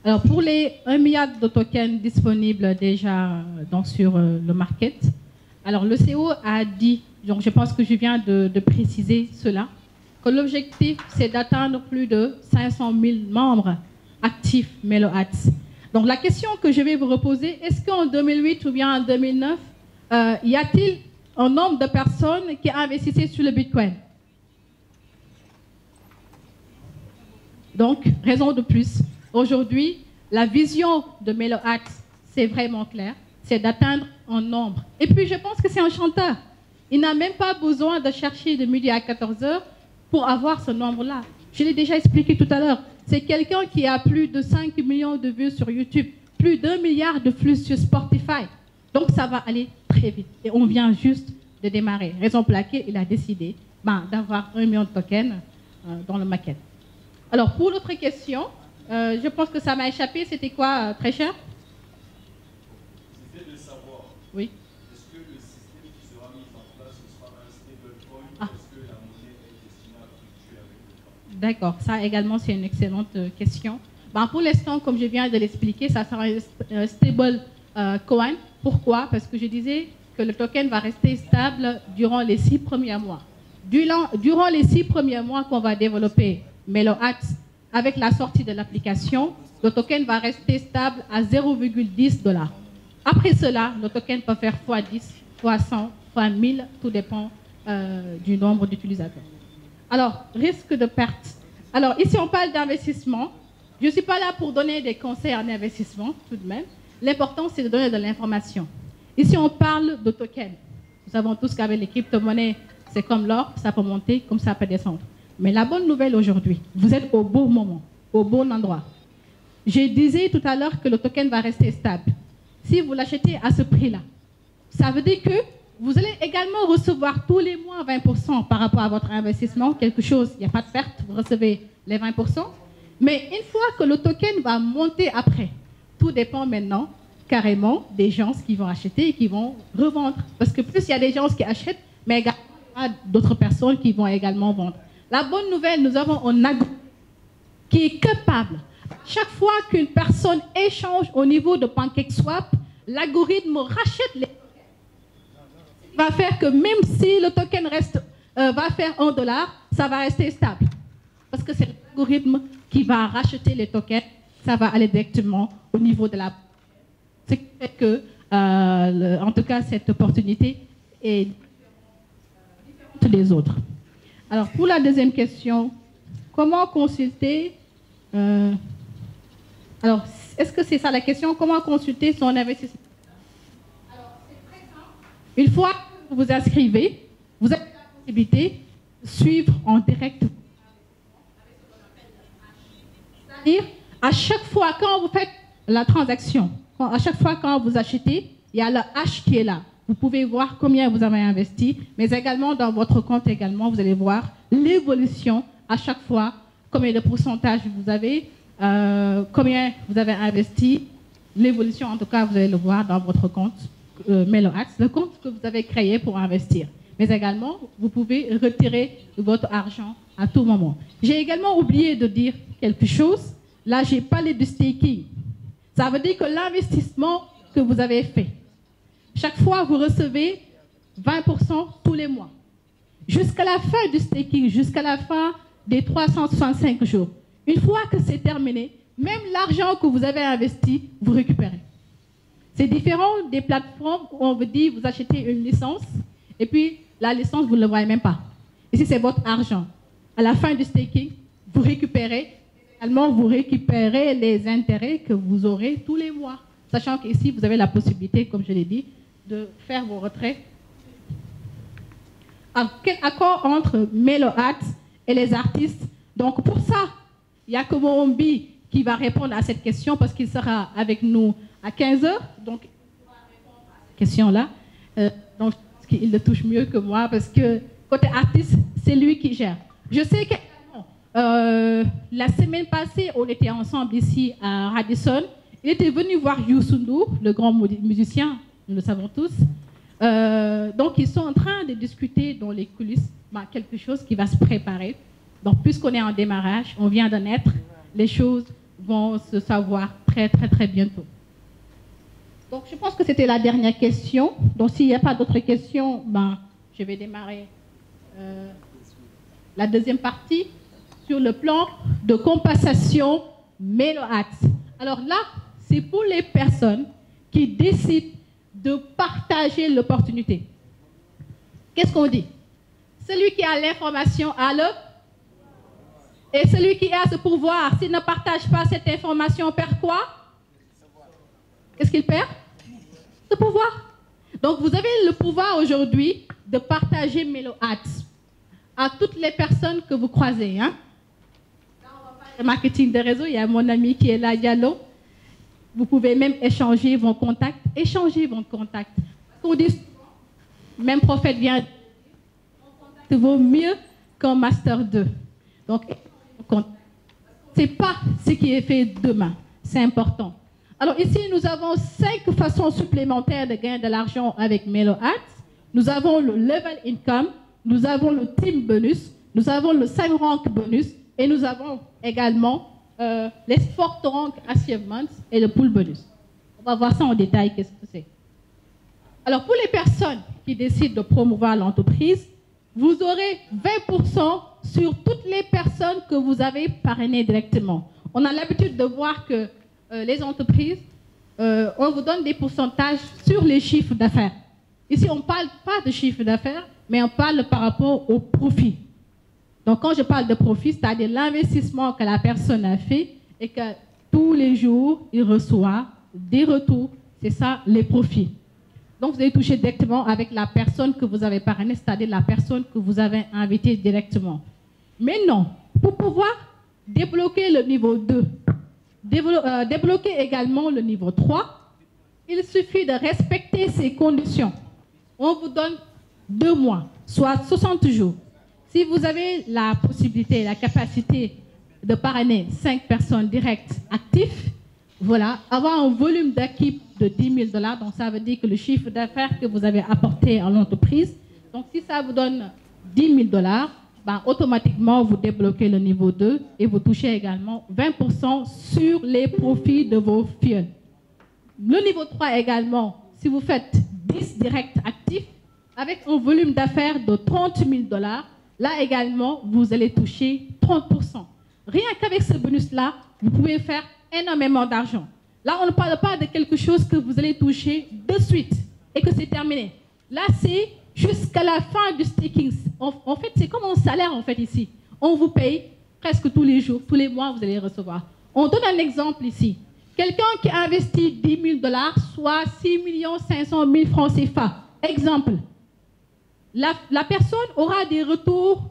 Speaker 1: Alors, pour les 1 milliard de tokens disponibles déjà euh, dans sur le market, alors le CEO a dit, donc je pense que je viens de, préciser cela, que l'objectif c'est d'atteindre plus de 500 000 membres actifs MeloHats. Donc la question que je vais vous reposer, est-ce qu'en 2008 ou bien en 2009, y a-t-il un nombre de personnes qui investissaient sur le Bitcoin Donc, raison de plus. Aujourd'hui, la vision de Meloax c'est vraiment clair, c'est d'atteindre un nombre. Et puis, je pense que c'est un chanteur. Il n'a même pas besoin de chercher de midi à 14 heures pour avoir ce nombre-là. Je l'ai déjà expliqué tout à l'heure. C'est quelqu'un qui a plus de 5 millions de vues sur YouTube, plus d'un milliard de flux sur Spotify. Donc, ça va aller très vite. Et on vient juste de démarrer. Raison plaquée, il a décidé ben, d'avoir un million de tokens euh, dans le maquette. Alors, pour l'autre question, euh, je pense que ça m'a échappé. C'était quoi, euh, très cher C'était de savoir. Oui. Est-ce que le système qui sera mis en place sera un Est-ce ah. que la monnaie est destinée à avec le temps D'accord. Ça également, c'est une excellente euh, question. Ben, pour l'instant, comme je viens de l'expliquer, ça sera un stable coin. Pourquoi Parce que je disais que le token va rester stable durant les six premiers mois. durant les six premiers mois qu'on va développer HATS, avec la sortie de l'application, le token va rester stable à 0,10 Après cela, le token peut faire x10, x100, x1000, tout dépend euh, du nombre d'utilisateurs. Alors, risque de perte. Alors, ici, on parle d'investissement. Je ne suis pas là pour donner des conseils en investissement, tout de même. L'important, c'est de donner de l'information. Ici, on parle de token. Nous savons tous qu'avec les crypto-monnaies, c'est comme l'or, ça peut monter comme ça peut descendre. Mais la bonne nouvelle aujourd'hui, vous êtes au bon moment, au bon endroit. Je disais tout à l'heure que le token va rester stable. Si vous l'achetez à ce prix-là, ça veut dire que vous allez également recevoir tous les mois 20% par rapport à votre investissement, quelque chose, il n'y a pas de perte, vous recevez les 20%. Mais une fois que le token va monter après, tout dépend maintenant carrément des gens qui vont acheter et qui vont revendre. Parce que plus il y a des gens qui achètent, mais également d'autres personnes qui vont également vendre. La bonne nouvelle, nous avons un algorithme qui est capable. Chaque fois qu'une personne échange au niveau de PancakeSwap, l'algorithme rachète les tokens. va faire que même si le token reste, euh, va faire 1 dollar, ça va rester stable. Parce que c'est l'algorithme qui va racheter les tokens, ça va aller directement au niveau de la... Ce qui que, euh, en tout cas, cette opportunité est différente des autres. Alors, pour la deuxième question, comment consulter... Euh, alors, est-ce que c'est ça la question Comment consulter son investissement Alors, c'est très simple. Une fois que vous vous inscrivez, vous avez la possibilité de suivre en direct. C'est-à-dire, à chaque fois, quand vous faites la transaction, à chaque fois quand vous achetez, il y a le H qui est là. Vous pouvez voir combien vous avez investi, mais également dans votre compte également, vous allez voir l'évolution à chaque fois, combien de pourcentage vous avez, euh, combien vous avez investi, l'évolution en tout cas, vous allez le voir dans votre compte euh, Meloax, le compte que vous avez créé pour investir. Mais également, vous pouvez retirer votre argent à tout moment. J'ai également oublié de dire quelque chose. Là, j'ai parlé du staking. Ça veut dire que l'investissement que vous avez fait, chaque fois, vous recevez 20% tous les mois. Jusqu'à la fin du staking, jusqu'à la fin des 365 jours. Une fois que c'est terminé, même l'argent que vous avez investi, vous récupérez. C'est différent des plateformes où on vous dit vous achetez une licence et puis la licence, vous ne le voyez même pas. Ici, c'est votre argent. À la fin du staking, vous récupérez. Également, vous récupérez les intérêts que vous aurez tous les mois. Sachant qu'ici, vous avez la possibilité, comme je l'ai dit, de faire vos retraits Quel accord entre Melo Hat et les artistes Donc pour ça, il n'y a que qui va répondre à cette question parce qu'il sera avec nous à 15h. Donc, il question-là. Euh, donc, il le touche mieux que moi parce que côté artiste, c'est lui qui gère. Je sais que euh, la semaine passée, on était ensemble ici à Radisson. Il était venu voir Youssou le grand musicien nous le savons tous. Euh, donc, ils sont en train de discuter dans les coulisses bah, quelque chose qui va se préparer. Donc, puisqu'on est en démarrage, on vient d'en être, les choses vont se savoir très, très, très bientôt. Donc, je pense que c'était la dernière question. Donc, s'il n'y a pas d'autres questions, ben, je vais démarrer euh, la deuxième partie sur le plan de compensation mélo Alors là, c'est pour les personnes qui décident de partager l'opportunité. Qu'est-ce qu'on dit Celui qui a l'information a le... Et celui qui a ce pouvoir, s'il ne partage pas cette information, perd quoi Qu'est-ce qu'il perd Ce pouvoir. Donc vous avez le pouvoir aujourd'hui de partager MeloHat à toutes les personnes que vous croisez. Hein? le marketing de réseau, il y a mon ami qui est là, Diallo. Vous pouvez même échanger vos contacts. Échanger vos contacts. Qu'on dit, même prophète vient, contact vaut mieux qu'un master 2. Donc, c'est pas ce qui est fait demain. C'est important. Alors ici, nous avons cinq façons supplémentaires de gagner de l'argent avec MeloAds. Nous avons le level income, nous avons le team bonus, nous avons le 5 rank bonus et nous avons également euh, les les Fortrank Achievements et le Pool Bonus. On va voir ça en détail, qu'est-ce que c'est. Alors, pour les personnes qui décident de promouvoir l'entreprise, vous aurez 20% sur toutes les personnes que vous avez parrainées directement. On a l'habitude de voir que euh, les entreprises, euh, on vous donne des pourcentages sur les chiffres d'affaires. Ici, on ne parle pas de chiffres d'affaires, mais on parle par rapport au profit. Donc, quand je parle de profit, c'est-à-dire l'investissement que la personne a fait et que tous les jours, il reçoit des retours. C'est ça, les profits. Donc, vous allez toucher directement avec la personne que vous avez parrainée, c'est-à-dire la personne que vous avez invitée directement. Mais non, pour pouvoir débloquer le niveau 2, euh, débloquer également le niveau 3, il suffit de respecter ces conditions. On vous donne deux mois, soit 60 jours. Si vous avez la possibilité, la capacité de parrainer 5 personnes directes actives, voilà, avoir un volume d'équipe de 10 000 dollars, donc ça veut dire que le chiffre d'affaires que vous avez apporté à l'entreprise, donc si ça vous donne 10 000 dollars, ben, automatiquement vous débloquez le niveau 2 et vous touchez également 20% sur les profits de vos filles. Le niveau 3 également, si vous faites 10 directs actifs avec un volume d'affaires de 30 000 dollars, Là également, vous allez toucher 30%. Rien qu'avec ce bonus-là, vous pouvez faire énormément d'argent. Là, on ne parle pas de quelque chose que vous allez toucher de suite et que c'est terminé. Là, c'est jusqu'à la fin du staking. En, fait, c'est comme un salaire, en fait, ici. On vous paye presque tous les jours, tous les mois, vous allez recevoir. On donne un exemple ici. Quelqu'un qui a investi 10 000 dollars, soit 6 500 000 francs CFA. Exemple la, personne aura des retours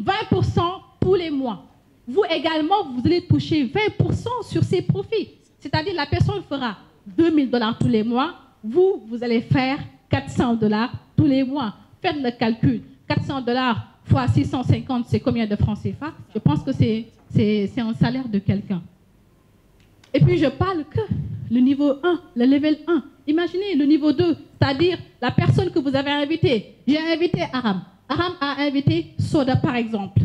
Speaker 1: 20% tous les mois. Vous également, vous allez toucher 20% sur ses profits. C'est-à-dire la personne fera 2000 dollars tous les mois. Vous, vous allez faire 400 dollars tous les mois. Faites le calcul. 400 dollars fois 650, c'est combien de francs CFA Je pense que c'est un salaire de quelqu'un. Et puis je parle que le niveau 1, le level 1. Imaginez le niveau 2, c'est-à-dire, la personne que vous avez invitée, j'ai invité Aram. Aram a invité Soda, par exemple.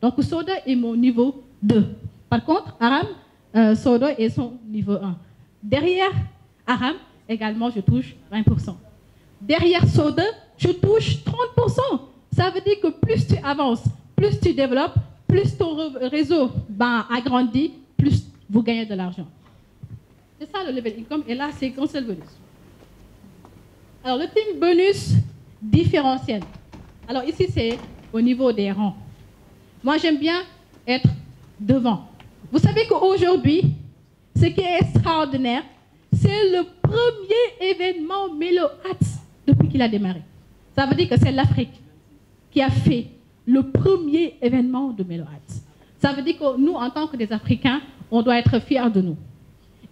Speaker 1: Donc, Soda est mon niveau 2. Par contre, Aram, euh, Soda est son niveau 1. Derrière Aram, également, je touche 20%. Derrière Soda, je touche 30%. Ça veut dire que plus tu avances, plus tu développes, plus ton réseau ben, agrandit, plus vous gagnez de l'argent. C'est ça le level income. Et là, c'est qu'un bonus. Alors, le team bonus différentiel. Alors, ici, c'est au niveau des rangs. Moi, j'aime bien être devant. Vous savez qu'aujourd'hui, ce qui est extraordinaire, c'est le premier événement Melo Hats depuis qu'il a démarré. Ça veut dire que c'est l'Afrique qui a fait le premier événement de Melo Hats. Ça veut dire que nous, en tant que des Africains, on doit être fiers de nous.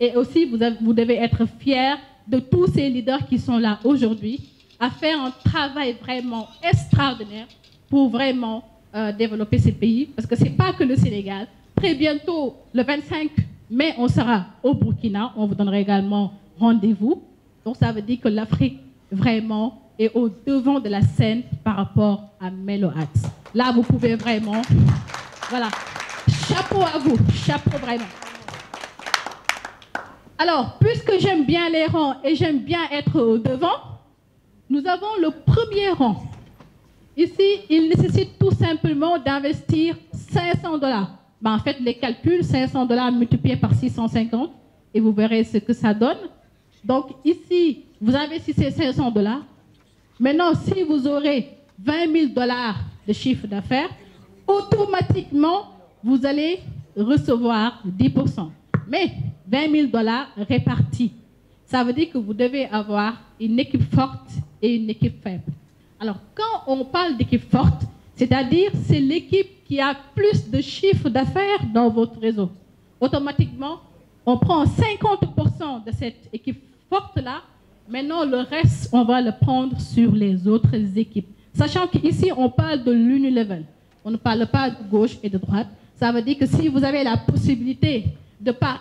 Speaker 1: Et aussi, vous, vous devez être fiers de tous ces leaders qui sont là aujourd'hui à faire un travail vraiment extraordinaire pour vraiment euh, développer ces pays, parce que ce n'est pas que le Sénégal. Très bientôt, le 25 mai, on sera au Burkina, on vous donnera également rendez-vous. Donc ça veut dire que l'Afrique vraiment est au devant de la scène par rapport à Meloax. Là, vous pouvez vraiment... Voilà. Chapeau à vous, chapeau vraiment. Alors, puisque j'aime bien les rangs et j'aime bien être au devant, nous avons le premier rang. Ici, il nécessite tout simplement d'investir 500 dollars. Ben, en fait, les calculs, 500 dollars multipliés par 650, et vous verrez ce que ça donne. Donc ici, vous investissez 500 dollars. Maintenant, si vous aurez 20 000 dollars de chiffre d'affaires, automatiquement, vous allez recevoir 10 Mais 20 000 dollars répartis. Ça veut dire que vous devez avoir une équipe forte et une équipe faible. Alors, quand on parle d'équipe forte, c'est-à-dire c'est l'équipe qui a plus de chiffres d'affaires dans votre réseau. Automatiquement, on prend 50% de cette équipe forte-là. Maintenant, le reste, on va le prendre sur les autres équipes. Sachant qu'ici, on parle de l'unilevel. On ne parle pas de gauche et de droite. Ça veut dire que si vous avez la possibilité de pas...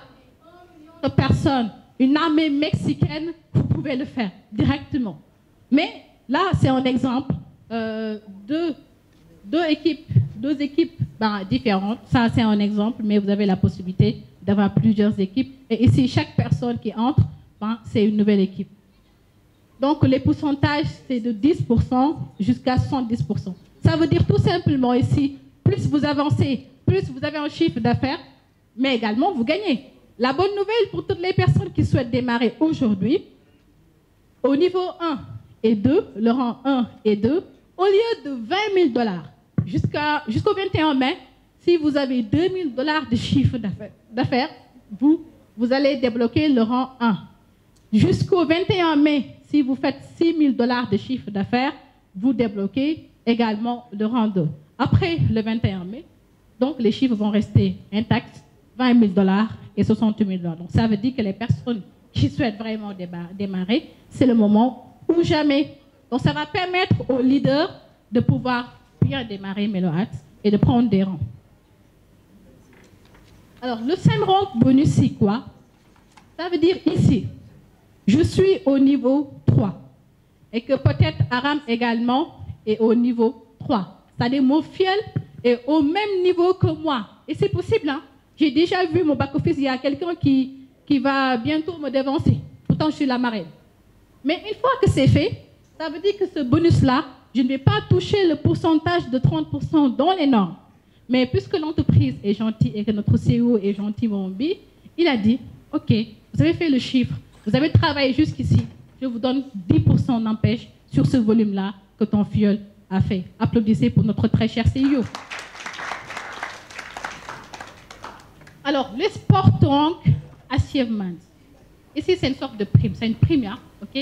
Speaker 1: Personne, une armée mexicaine, vous pouvez le faire directement. Mais là, c'est un exemple euh, deux équipes, deux équipes bah, différentes. Ça, c'est un exemple, mais vous avez la possibilité d'avoir plusieurs équipes. Et ici, chaque personne qui entre, bah, c'est une nouvelle équipe. Donc, les pourcentages, c'est de 10% jusqu'à 110%. Ça veut dire tout simplement ici, plus vous avancez, plus vous avez un chiffre d'affaires, mais également vous gagnez. La bonne nouvelle pour toutes les personnes qui souhaitent démarrer aujourd'hui, au niveau 1 et 2, le rang 1 et 2, au lieu de 20 000 dollars jusqu'au 21 mai, si vous avez 2 000 dollars de chiffre d'affaires, vous, vous allez débloquer le rang 1. Jusqu'au 21 mai, si vous faites 6 000 dollars de chiffre d'affaires, vous débloquez également le rang 2. Après le 21 mai, donc les chiffres vont rester intacts, 20 000 dollars et 60 000 dollars. Donc ça veut dire que les personnes qui souhaitent vraiment démarrer, c'est le moment ou jamais. Donc ça va permettre aux leaders de pouvoir bien démarrer Meloax et de prendre des rangs. Alors le 5 rang bonus, c'est quoi Ça veut dire ici, je suis au niveau 3 et que peut-être Aram également est au niveau 3. C'est-à-dire mon fiel est au même niveau que moi. Et c'est possible, hein j'ai déjà vu mon back-office, il y a quelqu'un qui, qui va bientôt me dévancer. Pourtant, je suis la marraine. Mais une fois que c'est fait, ça veut dire que ce bonus-là, je ne vais pas toucher le pourcentage de 30% dans les normes. Mais puisque l'entreprise est gentille et que notre CEO est gentil, mon B, il a dit, OK, vous avez fait le chiffre, vous avez travaillé jusqu'ici, je vous donne 10% d'empêche sur ce volume-là que ton fiole a fait. Applaudissez pour notre très cher CEO. Alors, les sport donc, achievement. Ici, c'est une sorte de prime. C'est une prime, hein, OK?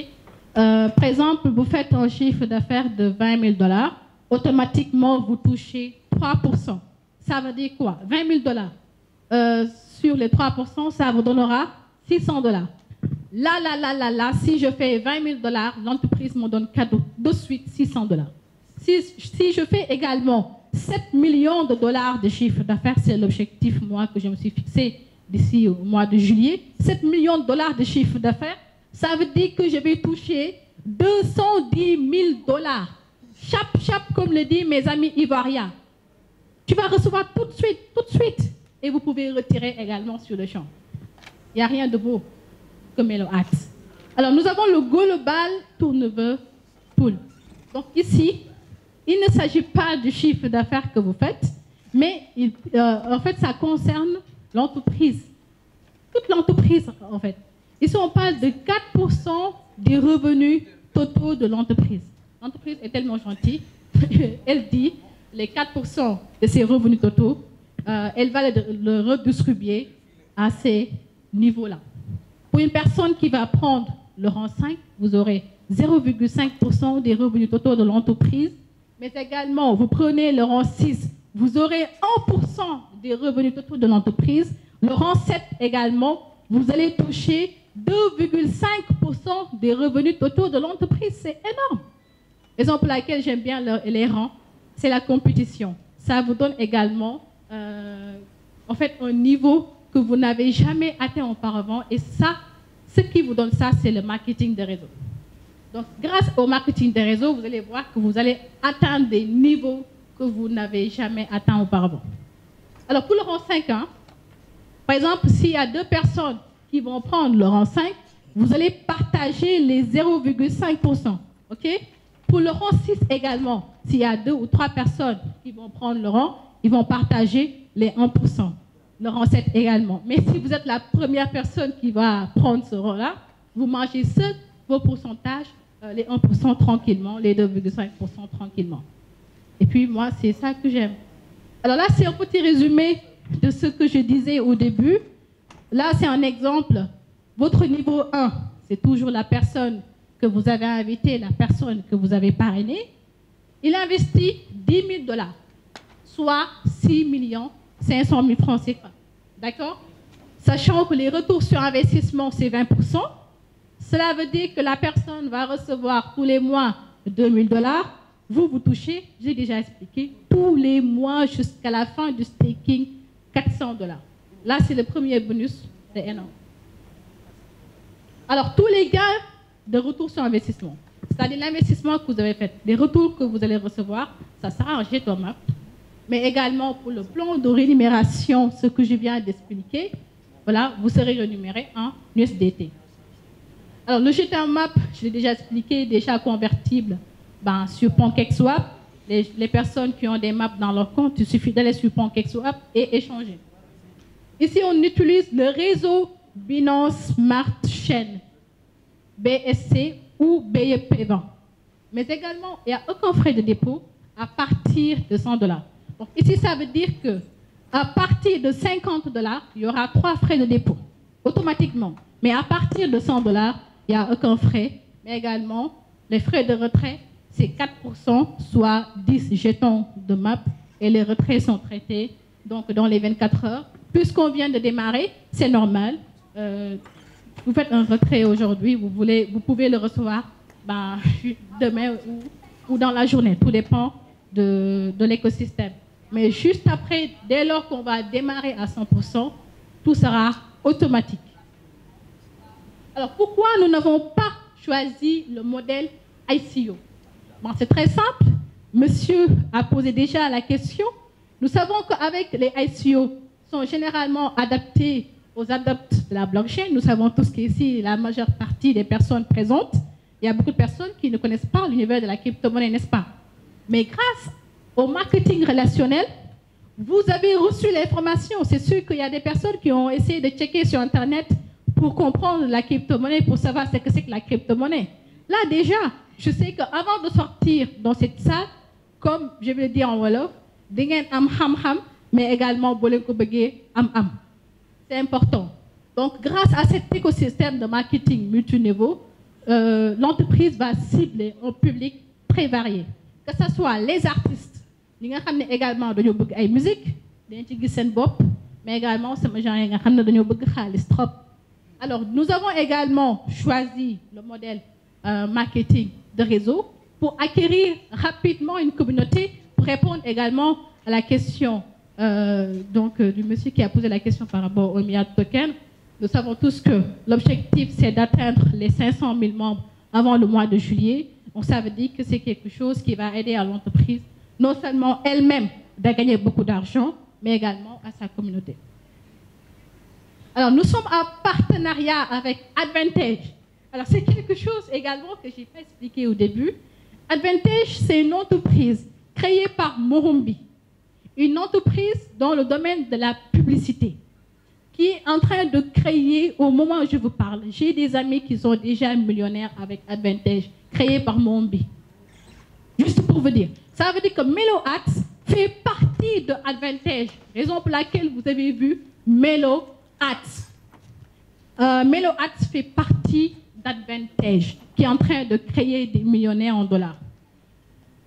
Speaker 1: Euh, par exemple, vous faites un chiffre d'affaires de 20 000 dollars, automatiquement, vous touchez 3 Ça veut dire quoi 20 000 dollars. Euh, sur les 3 ça vous donnera 600 dollars. Là, là, là, là, là, si je fais 20 000 dollars, l'entreprise me donne cadeau de suite 600 dollars. si je fais également 7 millions de dollars de chiffre d'affaires, c'est l'objectif moi que je me suis fixé d'ici au mois de juillet. 7 millions de dollars de chiffre d'affaires, ça veut dire que je vais toucher 210 000 dollars. Chap, chap, comme le dit mes amis ivoiriens. Tu vas recevoir tout de suite, tout de suite. Et vous pouvez retirer également sur le champ. Il n'y a rien de beau comme Melo Alors, nous avons le global tourneveux pool. Donc, ici, il ne s'agit pas du chiffre d'affaires que vous faites, mais euh, en fait, ça concerne l'entreprise. Toute l'entreprise, en fait. Ici, on parle de 4% des revenus totaux de l'entreprise. L'entreprise est tellement gentille, elle dit les 4% de ses revenus totaux, euh, elle va le, le redistribuer à ces niveaux-là. Pour une personne qui va prendre le rang 5, vous aurez 0,5% des revenus totaux de l'entreprise mais également vous prenez le rang 6, vous aurez 1% des revenus totaux de l'entreprise. Le rang 7 également, vous allez toucher 2,5% des revenus totaux de l'entreprise. C'est énorme. Raison pour laquelle j'aime bien les rangs, c'est la compétition. Ça vous donne également, euh, en fait, un niveau que vous n'avez jamais atteint auparavant. Et ça, ce qui vous donne ça, c'est le marketing de réseau. Donc, grâce au marketing des réseaux, vous allez voir que vous allez atteindre des niveaux que vous n'avez jamais atteints auparavant. Alors, pour le rang 5, par exemple, s'il y a deux personnes qui vont prendre le rang 5, vous allez partager les 0,5%. OK Pour le rang 6 également, s'il y a deux ou trois personnes qui vont prendre le rang, ils vont partager les 1%. Le rang 7 également. Mais si vous êtes la première personne qui va prendre ce rang-là, vous mangez seul vos pourcentages euh, les 1% tranquillement, les 2,5% tranquillement. Et puis moi, c'est ça que j'aime. Alors là, c'est un petit résumé de ce que je disais au début. Là, c'est un exemple. Votre niveau 1, c'est toujours la personne que vous avez invitée, la personne que vous avez parrainée. Il investit 10 000 dollars, soit 6 500 000 francs CFA. D'accord Sachant que les retours sur investissement, c'est 20 cela veut dire que la personne va recevoir tous les mois 2000 dollars. Vous, vous touchez, j'ai déjà expliqué, tous les mois jusqu'à la fin du staking, 400 dollars. Là, c'est le premier bonus, c'est énorme. Alors, tous les gains de retour sur investissement, c'est-à-dire l'investissement que vous avez fait, les retours que vous allez recevoir, ça sera un jet mais également pour le plan de rémunération, ce que je viens d'expliquer, voilà, vous serez rémunéré en USDT. Alors, le jeter map, je l'ai déjà expliqué, déjà convertible ben, sur PancakeSwap. Les, les, personnes qui ont des maps dans leur compte, il suffit d'aller sur PancakeSwap et échanger. Ici, on utilise le réseau Binance Smart Chain, BSC ou BEP20. Mais également, il n'y a aucun frais de dépôt à partir de 100 dollars. ici, ça veut dire que à partir de 50 dollars, il y aura trois frais de dépôt automatiquement. Mais à partir de 100 dollars, il n'y a aucun frais, mais également les frais de retrait, c'est 4%, soit 10 jetons de MAP, et les retraits sont traités donc, dans les 24 heures. Puisqu'on vient de démarrer, c'est normal. Euh, vous faites un retrait aujourd'hui, vous, vous pouvez le recevoir ben, demain ou, dans la journée, tout dépend de l'écosystème. Mais juste après, dès lors qu'on va démarrer à 100%, tout sera automatique. Alors pourquoi nous n'avons pas choisi le modèle ICO C'est très simple. Monsieur a posé déjà la question. Nous savons qu'avec les ICO, sont généralement adaptés aux adeptes de la blockchain. Nous savons tous qu'ici, la majeure partie des personnes présentes, il y a beaucoup de personnes qui ne connaissent pas l'univers de la crypto-monnaie, n'est-ce pas Mais grâce au marketing relationnel, vous avez reçu l'information. C'est sûr qu'il y a des personnes qui ont essayé de checker sur Internet pour comprendre la crypto-monnaie, pour savoir ce que c'est que la crypto-monnaie. Là, déjà, je sais qu'avant de sortir dans cette salle, comme je vais le dire en Wolof, mais également am C'est important. Donc, grâce à cet écosystème de marketing multiniveau, euh, l'entreprise va cibler un public très varié. Que ce soit les artistes, nous avons également de la musique, mais également, c'est gens qui ont alors, nous avons également choisi le modèle euh, marketing de réseau pour acquérir rapidement une communauté, pour répondre également à la question euh, donc, euh, du monsieur qui a posé la question par rapport au milliard Token. Nous savons tous que l'objectif, c'est d'atteindre les 500 000 membres avant le mois de juillet. On ça veut dire que c'est quelque chose qui va aider à l'entreprise, non seulement elle-même, de gagner beaucoup d'argent, mais également à sa communauté. Alors, nous sommes en partenariat avec Advantage. Alors, c'est quelque chose également que j'ai fait pas expliqué au début. Advantage, c'est une entreprise créée par Morumbi, une entreprise dans le domaine de la publicité, qui est en train de créer, au moment où je vous parle, j'ai des amis qui sont déjà millionnaires avec Advantage, créé par Morumbi. Juste pour vous dire, ça veut dire que MeloAx fait partie de Advantage, raison pour laquelle vous avez vu Melo At, Euh, fait partie d'Advantage, qui est en train de créer des millionnaires en dollars.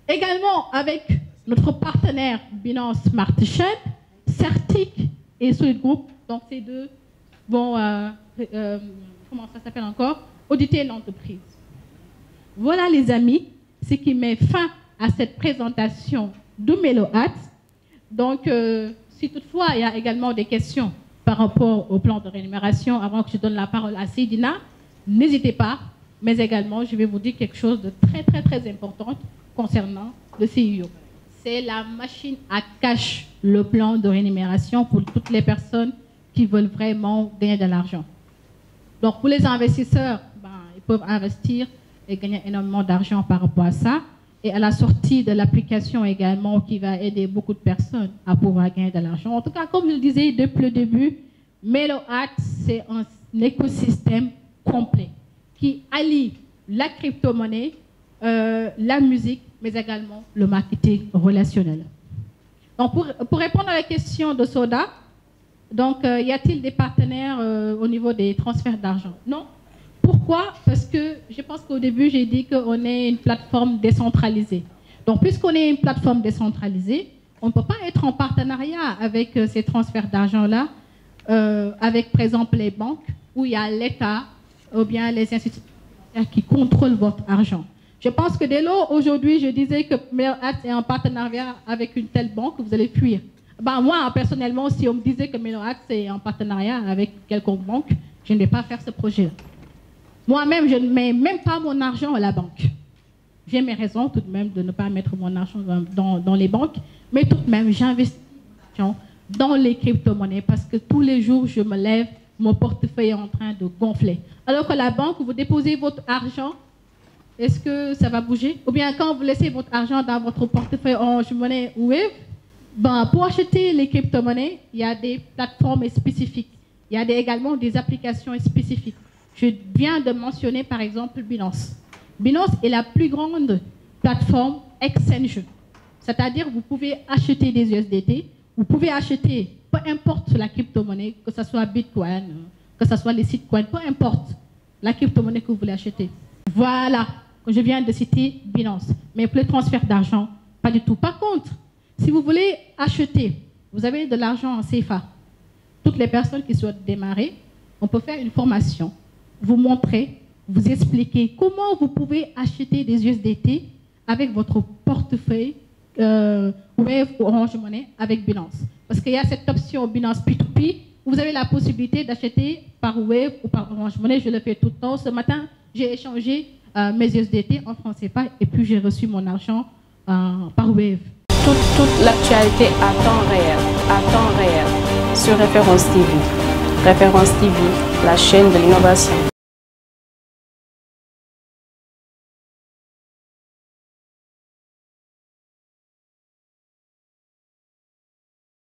Speaker 1: Également, avec notre partenaire Binance Smart Chain, Certic et Solid Group, donc ces deux vont, euh, euh, comment ça s'appelle encore, auditer l'entreprise. Voilà les amis, ce qui met fin à cette présentation de Melohat. Donc, euh, si toutefois il y a également des questions, par rapport au plan de rémunération, avant que je donne la parole à Sidina, n'hésitez pas, mais également, je vais vous dire quelque chose de très, très, très important concernant le CIO. E C'est la machine à cash, le plan de rémunération pour toutes les personnes qui veulent vraiment gagner de l'argent. Donc, pour les investisseurs, ben, ils peuvent investir et gagner énormément d'argent par rapport à ça et à la sortie de l'application également qui va aider beaucoup de personnes à pouvoir gagner de l'argent. En tout cas, comme je le disais depuis le début, Meloat c'est un, écosystème complet qui allie la crypto-monnaie, euh, la musique, mais également le marketing relationnel. Donc, pour, répondre à la question de Soda, donc, euh, y a-t-il des partenaires euh, au niveau des transferts d'argent Non, pourquoi Parce que je pense qu'au début, j'ai dit qu'on est une plateforme décentralisée. Donc, puisqu'on est une plateforme décentralisée, on ne peut pas être en partenariat avec euh, ces transferts d'argent-là, euh, avec, par exemple, les banques, où il y a l'État ou bien les institutions qui contrôlent votre argent. Je pense que dès lors, aujourd'hui, je disais que Melorat est en partenariat avec une telle banque, vous allez fuir. Bah, moi, personnellement, si on me disait que MeloAx est en partenariat avec quelconque banque, je ne vais pas faire ce projet moi-même, je ne mets même pas mon argent à la banque. J'ai mes raisons tout de même de ne pas mettre mon argent dans, les banques, mais tout de même, j'investis dans les crypto-monnaies parce que tous les jours, je me lève, mon portefeuille est en train de gonfler. Alors que la banque, vous déposez votre argent, est-ce que ça va bouger Ou bien quand vous laissez votre argent dans votre portefeuille en Monnaie ou Wave, ben, pour acheter les crypto-monnaies, il y a des plateformes spécifiques. Il y a également des applications spécifiques. Je viens de mentionner par exemple Binance. Binance est la plus grande plateforme exchange. C'est-à-dire vous pouvez acheter des USDT, vous pouvez acheter peu importe la crypto-monnaie, que ce soit Bitcoin, que ce soit les sitcoins, peu importe la crypto-monnaie que vous voulez acheter. Voilà, je viens de citer Binance. Mais pour le transfert d'argent, pas du tout. Par contre, si vous voulez acheter, vous avez de l'argent en CFA. Toutes les personnes qui souhaitent démarrer, on peut faire une formation vous montrer, vous expliquer comment vous pouvez acheter des USDT avec votre portefeuille euh, Wave ou Orange Money avec Binance. Parce qu'il y a cette option Binance P2P où vous avez la possibilité d'acheter par web ou par Orange Money. Je le fais tout le temps. Ce matin, j'ai échangé euh, mes USDT en français et puis j'ai reçu mon argent euh, par web. Toute, toute l'actualité à temps réel, à temps réel, sur Référence TV. Référence TV, la chaîne de l'innovation.